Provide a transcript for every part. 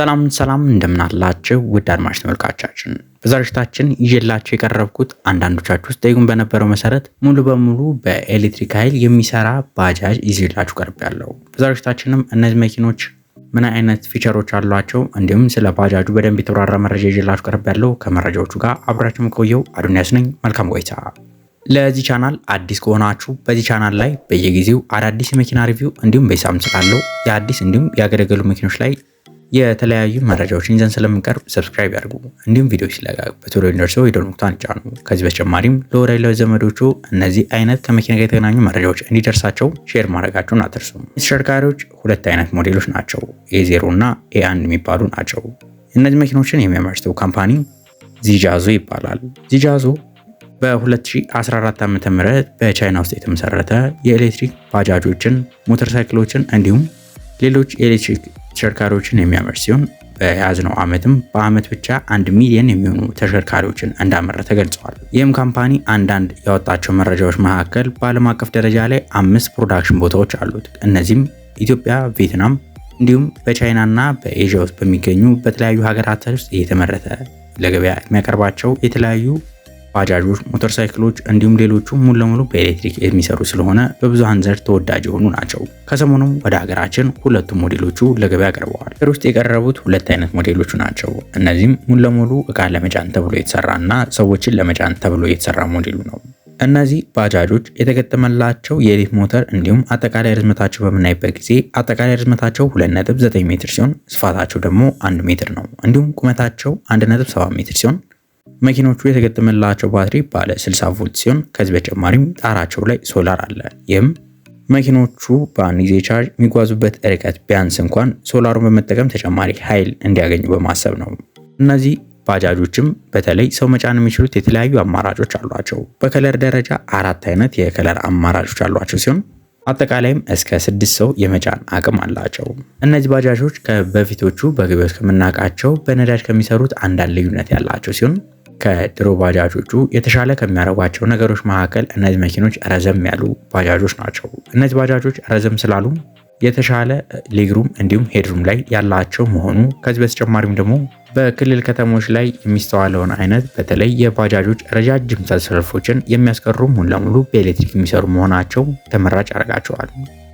ሰላም ሰላም እንደምናላችሁ ውድ አድማጭ ተመልካቻችን፣ በዛሬው ዝግጅታችን ይዤላችሁ የቀረብኩት አንዳንዶቻችሁ ስጠይቁን በነበረው መሰረት ሙሉ በሙሉ በኤሌክትሪክ ኃይል የሚሰራ ባጃጅ ይዤላችሁ ቀርቤያለሁ። በዛሬው ዝግጅታችንም እነዚህ መኪኖች ምን አይነት ፊቸሮች አሏቸው፣ እንዲሁም ስለ ባጃጁ በደንብ የተብራራ መረጃ ይዤላችሁ ቀርቤያለሁ። ከመረጃዎቹ ጋር አብራችሁ የምቆየው አዱኒያስ ነኝ። መልካም ቆይታ። ለዚህ ቻናል አዲስ ከሆናችሁ በዚህ ቻናል ላይ በየጊዜው አዳዲስ የመኪና ሪቪው እንዲሁም በሳምንት ስላለው የአዲስ እንዲሁም ያገለገሉ መኪኖች ላይ የተለያዩ መረጃዎችን ይዘን ስለምንቀርብ ሰብስክራይብ ያድርጉ። እንዲሁም ቪዲዮ ሲለቀቅ በቶሎ ደርሰው የደወል ምልክቱን ይጫኑ። ከዚህ በተጨማሪም ለወዳጅ ለዘመዶቹ እነዚህ አይነት ከመኪና ጋር የተገናኙ መረጃዎች እንዲደርሳቸው ሼር ማድረጋቸውን አትርሱም። የተሽከርካሪዎች ሁለት አይነት ሞዴሎች ናቸው፣ እና ኤ የሚባሉ ናቸው። እነዚህ መኪኖችን የሚያመርተው ካምፓኒ ዚጃዞ ይባላል። ዚጃዞ በ2014 ዓ.ም በቻይና ውስጥ የተመሰረተ የኤሌክትሪክ ባጃጆችን፣ ሞተር ሳይክሎችን እንዲሁም ሌሎች የኤሌክትሪክ ተሽከርካሪዎችን የሚያመርት ሲሆን በያዝነው ዓመትም በዓመት ብቻ አንድ ሚሊዮን የሚሆኑ ተሽከርካሪዎችን እንዳመረ ተገልጸዋል። ይህም ካምፓኒ አንዳንድ ያወጣቸው መረጃዎች መካከል በዓለም አቀፍ ደረጃ ላይ አምስት ፕሮዳክሽን ቦታዎች አሉት። እነዚህም ኢትዮጵያ፣ ቪየትናም እንዲሁም በቻይናና በኤዥያ ውስጥ በሚገኙ በተለያዩ ሀገራት ውስጥ እየተመረተ ለገበያ የሚያቀርባቸው የተለያዩ ባጃጆች፣ ሞተር ሳይክሎች እንዲሁም ሌሎቹ ሙሉ ለሙሉ በኤሌክትሪክ የሚሰሩ ስለሆነ በብዙሃን ዘንድ ተወዳጅ የሆኑ ናቸው። ከሰሞኑም ወደ ሀገራችን ሁለቱ ሞዴሎቹ ለገበያ ቀርበዋል። ሀገር ውስጥ የቀረቡት ሁለት አይነት ሞዴሎቹ ናቸው። እነዚህም ሙሉ ለሙሉ እቃ ለመጫን ተብሎ የተሰራና ሰዎችን ለመጫን ተብሎ የተሰራ ሞዴሉ ነው። እነዚህ ባጃጆች የተገጠመላቸው የኤሌት ሞተር እንዲሁም አጠቃላይ ርዝመታቸው በምናይበት ጊዜ አጠቃላይ ርዝመታቸው 2.9 ሜትር ሲሆን ስፋታቸው ደግሞ 1 ሜትር ነው። እንዲሁም ቁመታቸው 1.7 ሜትር ሲሆን መኪኖቹ የተገጠመላቸው ባትሪ ባለ 60 ቮልት ሲሆን ከዚህ በተጨማሪም ጣራቸው ላይ ሶላር አለ። ይህም መኪኖቹ በአንድ ጊዜ ቻርጅ የሚጓዙበት ርቀት ቢያንስ እንኳን ሶላሩን በመጠቀም ተጨማሪ ኃይል እንዲያገኙ በማሰብ ነው። እነዚህ ባጃጆችም በተለይ ሰው መጫን የሚችሉት የተለያዩ አማራጮች አሏቸው። በከለር ደረጃ አራት አይነት የከለር አማራጮች አሏቸው ሲሆን አጠቃላይም እስከ ስድስት ሰው የመጫን አቅም አላቸው። እነዚህ ባጃጆች ከበፊቶቹ በገበያ ከምናውቃቸው በነዳጅ ከሚሰሩት አንዳንድ ልዩነት ያላቸው ሲሆን ከድሮ ባጃጆቹ የተሻለ ከሚያደርጓቸው ነገሮች መካከል እነዚህ መኪኖች ረዘም ያሉ ባጃጆች ናቸው። እነዚህ ባጃጆች ረዘም ስላሉ የተሻለ ሌግሩም እንዲሁም ሄድሩም ላይ ያላቸው መሆኑ ከዚህ በተጨማሪም ደግሞ በክልል ከተሞች ላይ የሚስተዋለውን አይነት በተለይ የባጃጆች ረጃጅም ሰልፎችን የሚያስቀሩ ሙሉ ለሙሉ በኤሌክትሪክ የሚሰሩ መሆናቸው ተመራጭ ያደርጋቸዋል።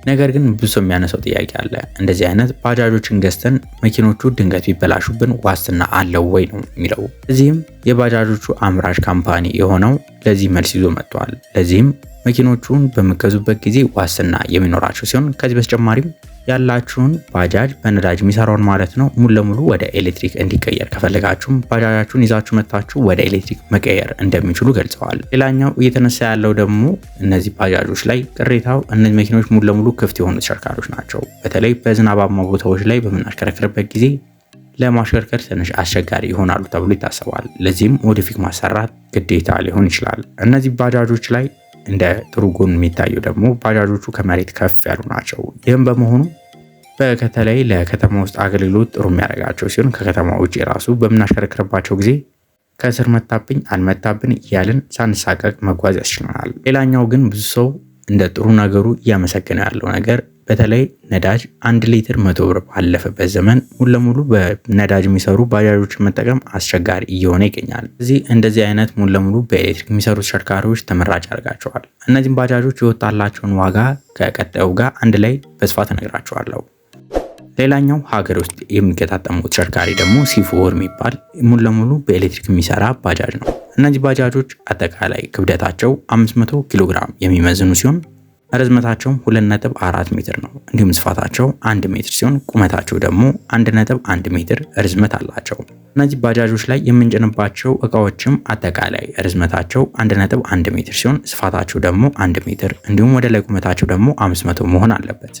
ነገር ግን ብዙ ሰው የሚያነሳው ጥያቄ አለ። እንደዚህ አይነት ባጃጆችን ገዝተን መኪኖቹ ድንገት ቢበላሹብን ዋስትና አለው ወይ ነው የሚለው። እዚህም የባጃጆቹ አምራች ካምፓኒ የሆነው ለዚህ መልስ ይዞ መጥቷል። ለዚህም መኪኖቹን በምገዙበት ጊዜ ዋስትና የሚኖራቸው ሲሆን ከዚህ በተጨማሪም ያላችሁን ባጃጅ በነዳጅ የሚሰራውን ማለት ነው ሙሉ ለሙሉ ወደ ኤሌክትሪክ እንዲቀየር ከፈለጋችሁም ባጃጃችሁን ይዛችሁ መታችሁ ወደ ኤሌክትሪክ መቀየር እንደሚችሉ ገልጸዋል። ሌላኛው እየተነሳ ያለው ደግሞ እነዚህ ባጃጆች ላይ ቅሬታው እነዚህ መኪኖች ሙሉ ለሙሉ ክፍት የሆኑ ተሽከርካሪዎች ናቸው። በተለይ በዝናባማ ቦታዎች ላይ በምናሽከረክርበት ጊዜ ለማሽከርከር ትንሽ አስቸጋሪ ይሆናሉ ተብሎ ይታሰባል። ለዚህም ወደፊት ማሰራት ግዴታ ሊሆን ይችላል። እነዚህ ባጃጆች ላይ እንደ ጥሩ ጎን የሚታየው ደግሞ ባጃጆቹ ከመሬት ከፍ ያሉ ናቸው። ይህም በመሆኑ በተለይ ለከተማ ውስጥ አገልግሎት ጥሩ የሚያደርጋቸው ሲሆን ከከተማ ውጭ ራሱ በምናሽከረክርባቸው ጊዜ ከስር መታብኝ አልመታብን እያልን ሳንሳቀቅ መጓዝ ያስችለናል። ሌላኛው ግን ብዙ ሰው እንደ ጥሩ ነገሩ እያመሰገነ ያለው ነገር በተለይ ነዳጅ አንድ ሊትር መቶ ብር ባለፈበት ዘመን ሙሉ ለሙሉ በነዳጅ የሚሰሩ ባጃጆችን መጠቀም አስቸጋሪ እየሆነ ይገኛል። እዚህ እንደዚህ አይነት ሙሉ ለሙሉ በኤሌክትሪክ የሚሰሩ ተሽከርካሪዎች ተመራጭ ያደርጋቸዋል። እነዚህም ባጃጆች የወጣላቸውን ዋጋ ከቀጣዩ ጋር አንድ ላይ በስፋት እነግራቸዋለሁ። ሌላኛው ሀገር ውስጥ የሚገጣጠመው ተሽከርካሪ ደግሞ ሲፎር የሚባል ሙሉ ለሙሉ በኤሌክትሪክ የሚሰራ ባጃጅ ነው። እነዚህ ባጃጆች አጠቃላይ ክብደታቸው 500 ኪሎ ግራም የሚመዝኑ ሲሆን ርዝመታቸውም 2.4 ሜትር ነው። እንዲሁም ስፋታቸው 1 ሜትር ሲሆን ቁመታቸው ደግሞ 1.1 ሜትር ርዝመት አላቸው። እነዚህ ባጃጆች ላይ የምንጭንባቸው እቃዎችም አጠቃላይ ርዝመታቸው 1.1 ሜትር ሲሆን ስፋታቸው ደግሞ 1 ሜትር እንዲሁም ወደ ላይ ቁመታቸው ደግሞ 500 መሆን አለበት።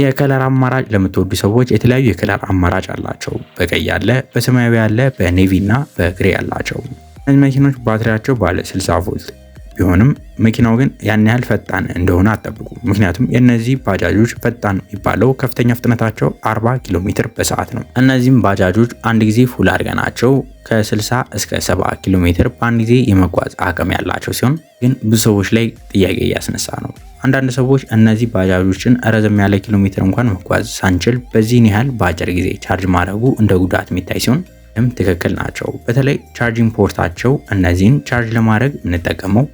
የከለር አማራጭ ለምትወዱ ሰዎች የተለያዩ የከለር አማራጭ አላቸው። በቀይ ያለ፣ በሰማያዊ ያለ፣ በኔቪ እና በግሬ ያላቸው። እነዚህ መኪኖች ባትሪያቸው ባለ 60 ቮልት ቢሆንም መኪናው ግን ያን ያህል ፈጣን እንደሆነ አጠብቁ። ምክንያቱም የእነዚህ ባጃጆች ፈጣን የሚባለው ከፍተኛ ፍጥነታቸው 40 ኪሎ ሜትር በሰዓት ነው። እነዚህም ባጃጆች አንድ ጊዜ ፉል አድርገናቸው ከ60 እስከ 70 ኪሎ ሜትር በአንድ ጊዜ የመጓዝ አቅም ያላቸው ሲሆን ግን ብዙ ሰዎች ላይ ጥያቄ እያስነሳ ነው። አንዳንድ ሰዎች እነዚህ ባጃጆችን ረዘም ያለ ኪሎ ሜትር እንኳን መጓዝ ሳንችል በዚህን ያህል በአጭር ጊዜ ቻርጅ ማድረጉ እንደ ጉዳት የሚታይ ሲሆን ይህም ትክክል ናቸው። በተለይ ቻርጅንግ ፖርታቸው እነዚህን ቻርጅ ለማድረግ የምንጠቀመው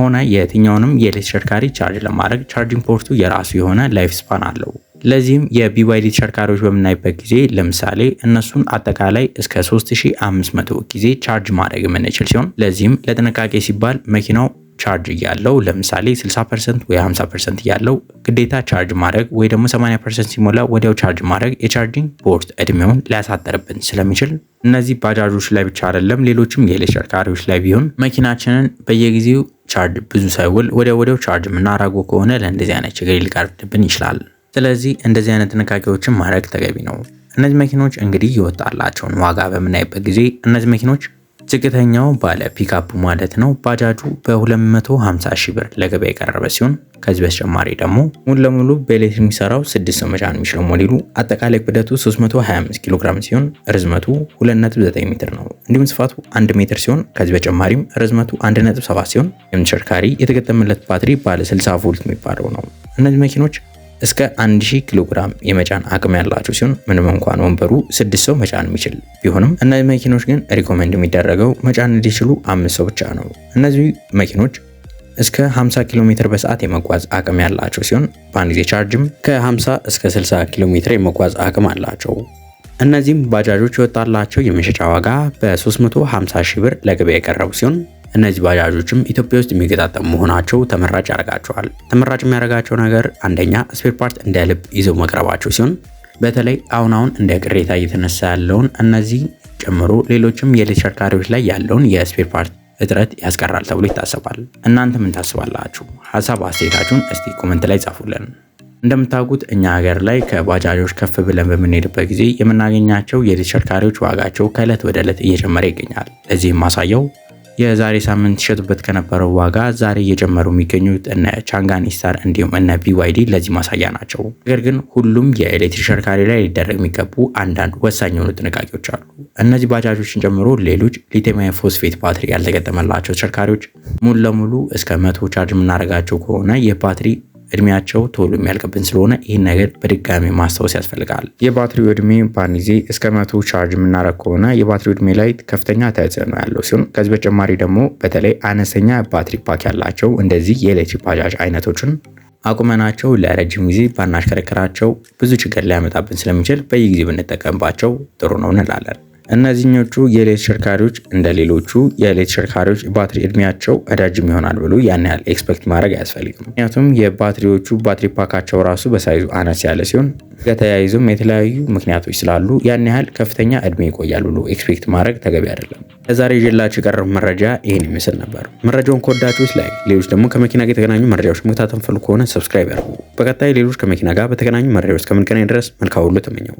ሆነ የትኛውንም የተሽከርካሪ ቻርጅ ለማድረግ ቻርጅንግ ፖርቱ የራሱ የሆነ ላይፍ ስፓን አለው። ለዚህም የቢዋይዲ ተሽከርካሪዎች በምናይበት ጊዜ ለምሳሌ እነሱን አጠቃላይ እስከ 3500 ጊዜ ቻርጅ ማድረግ የምንችል ሲሆን ለዚህም ለጥንቃቄ ሲባል መኪናው ቻርጅ እያለው ለምሳሌ 60% ወይ 50% እያለው ግዴታ ቻርጅ ማድረግ ወይ ደግሞ 80% ሲሞላ ወዲያው ቻርጅ ማድረግ የቻርጅንግ ፖርት እድሜውን ሊያሳጠርብን ስለሚችል እነዚህ ባጃጆች ላይ ብቻ አይደለም ሌሎችም የኤሌክትሪክ ተሽከርካሪዎች ላይ ቢሆን መኪናችንን በየጊዜው ቻርጅ ብዙ ሳይውል ወደ ወዲያው ቻርጅ የምናደርገው ከሆነ ለእንደዚህ አይነት ችግር ሊጋርድብን ይችላል። ስለዚህ እንደዚህ አይነት ጥንቃቄዎችን ማድረግ ተገቢ ነው። እነዚህ መኪኖች እንግዲህ ይወጣላቸውን ዋጋ በምናይበት ጊዜ እነዚህ መኪኖች ዝቅተኛው ባለ ፒካፕ ማለት ነው ባጃጁ በ250 ሺህ ብር ለገበያ የቀረበ ሲሆን ከዚህ በተጨማሪ ደግሞ ሙሉ ለሙሉ በኤሌክትሪክ የሚሰራው 6 ሰው መጫን የሚችለው ሞዴሉ አጠቃላይ ክብደቱ 325 ኪሎ ግራም ሲሆን ርዝመቱ 2.9 ሜትር ነው። እንዲሁም ስፋቱ 1 ሜትር ሲሆን ከዚህ በተጨማሪም ርዝመቱ 1.7 ሲሆን የምተሽከርካሪ የተገጠመለት ባትሪ ባለ 60 ቮልት የሚባለው ነው። እነዚህ መኪኖች እስከ 1000 ኪሎ ግራም የመጫን አቅም ያላቸው ሲሆን ምንም እንኳን ወንበሩ ስድስት ሰው መጫን የሚችል ቢሆንም እነዚህ መኪኖች ግን ሪኮመንድ የሚደረገው መጫን እንዲችሉ አምስት ሰው ብቻ ነው። እነዚህ መኪኖች እስከ 50 ኪሎ ሜትር በሰዓት የመጓዝ አቅም ያላቸው ሲሆን በአንድ ጊዜ ቻርጅም ከ50 እስከ 60 ኪሎ ሜትር የመጓዝ አቅም አላቸው። እነዚህም ባጃጆች የወጣላቸው የመሸጫ ዋጋ በ350 ሺህ ብር ለገበያ የቀረቡ ሲሆን እነዚህ ባጃጆችም ኢትዮጵያ ውስጥ የሚገጣጠሙ መሆናቸው ተመራጭ ያደርጋቸዋል። ተመራጭ የሚያደርጋቸው ነገር አንደኛ ስፔር ፓርት እንደ ልብ ይዘው መቅረባቸው ሲሆን በተለይ አሁን አሁን እንደ ቅሬታ እየተነሳ ያለውን እነዚህ ጨምሮ ሌሎችም የተሽከርካሪዎች ላይ ያለውን የስፔር ፓርት እጥረት ያስቀራል ተብሎ ይታሰባል። እናንተ ምን ታስባላችሁ? ሀሳብ አስተያየታችሁን እስቲ ኮመንት ላይ ጻፉልን። እንደምታውቁት እኛ ሀገር ላይ ከባጃጆች ከፍ ብለን በምንሄድበት ጊዜ የምናገኛቸው የተሽከርካሪዎች ዋጋቸው ከዕለት ወደ ዕለት እየጨመረ ይገኛል። ለዚህም ማሳያው የዛሬ ሳምንት ሸጡበት ከነበረው ዋጋ ዛሬ እየጨመሩ የሚገኙት እነ ቻንጋን ኢስታር እንዲሁም እነ ቢዋይዲ ለዚህ ማሳያ ናቸው። ነገር ግን ሁሉም የኤሌክትሪክ ተሽከርካሪ ላይ ሊደረግ የሚገቡ አንዳንድ ወሳኝ የሆኑ ጥንቃቄዎች አሉ። እነዚህ ባጃጆችን ጨምሮ ሌሎች ሊቲየም ፎስፌት ባትሪ ያልተገጠመላቸው ተሽከርካሪዎች ሙሉ ለሙሉ እስከ መቶ ቻርጅ የምናደርጋቸው ከሆነ የባትሪ እድሜያቸው ቶሎ የሚያልቅብን ስለሆነ ይህን ነገር በድጋሚ ማስታወስ ያስፈልጋል። የባትሪው እድሜ በአንድ ጊዜ እስከ መቶ ቻርጅ የምናረግ ከሆነ የባትሪው እድሜ ላይ ከፍተኛ ተጽዕኖ ያለው ሲሆን ከዚህ በተጨማሪ ደግሞ በተለይ አነስተኛ ባትሪ ፓክ ያላቸው እንደዚህ የኤሌክትሪክ ባጃጅ አይነቶችን አቁመናቸው ለረጅም ጊዜ ባናሽከረከራቸው ብዙ ችግር ሊያመጣብን ስለሚችል በየጊዜ ብንጠቀምባቸው ጥሩ ነው እንላለን። እነዚህኞቹ የኤሌክትሪክ ተሽከርካሪዎች እንደ ሌሎቹ የኤሌክትሪክ ተሽከርካሪዎች ባትሪ እድሜያቸው ረጅም ይሆናል ብሎ ያን ያህል ኤክስፐክት ማድረግ አያስፈልግም። ምክንያቱም የባትሪዎቹ ባትሪ ፓካቸው ራሱ በሳይዙ አነስ ያለ ሲሆን ከተያይዞም የተለያዩ ምክንያቶች ስላሉ ያን ያህል ከፍተኛ እድሜ ይቆያል ብሎ ኤክስፔክት ማድረግ ተገቢ አይደለም። ለዛሬ ይዤላችሁ የቀረበው መረጃ ይህን ይመስል ነበር። መረጃውን ከወዳችሁት ላይ ሌሎች ደግሞ ከመኪና ጋር የተገናኙ መረጃዎች መከታተል ፈልጉ ከሆነ ሰብስክራይብ ያርጉ። በቀጣይ ሌሎች ከመኪና ጋር በተገናኙ መረጃዎች እስከምንገናኝ ድረስ መልካም ሁሉ ተመኘው።